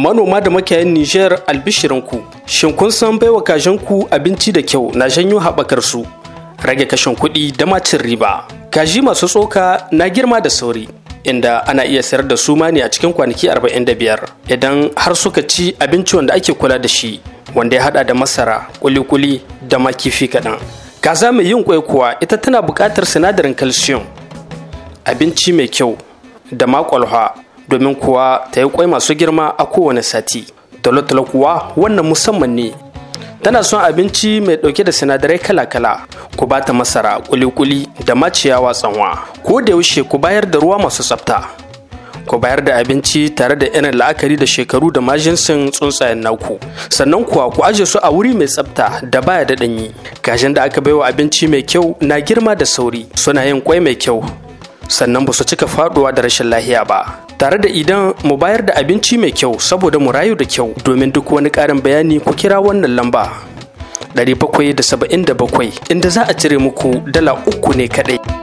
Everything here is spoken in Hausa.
manoma da makiyayin Nijar albishirinku, shin kun san baiwa ku abinci da kyau na janyo haɓakar su, rage kashin kuɗi da macin riba. Kaji masu tsoka na girma da sauri, inda ana iya sayar da su ne a cikin kwanaki 45 idan har suka ci abinci wanda ake kula da shi, wanda ya haɗa da masara, kulikuli da ma kifi kaɗan. Kaza mai yin kwai kuwa ita tana buƙatar sinadarin calcium, abinci mai kyau da ma domin kuwa ta yi kwai masu girma a kowane sati talotalo kuwa wannan musamman ne tana son abinci mai ɗauke da sinadarai kala-kala ku ba ta masara kuli-kuli da maciyawa tsanwa ko da yaushe ku bayar da ruwa masu tsafta ku bayar da abinci tare da irin la'akari da shekaru da majinsin tsuntsayen naku sannan kuwa ku aje su a wuri mai tsafta da baya da ɗanyi. Gajen da aka baiwa abinci mai kyau na girma da sauri suna yin kwai mai kyau sannan ba su cika faɗuwa da rashin lahiya ba tare da idan mu bayar da abinci mai kyau saboda mu rayu da kyau domin duk wani ƙarin bayani ku kira wannan lamba da da saba'in bakwai, inda za a cire muku dala uku ne kaɗai.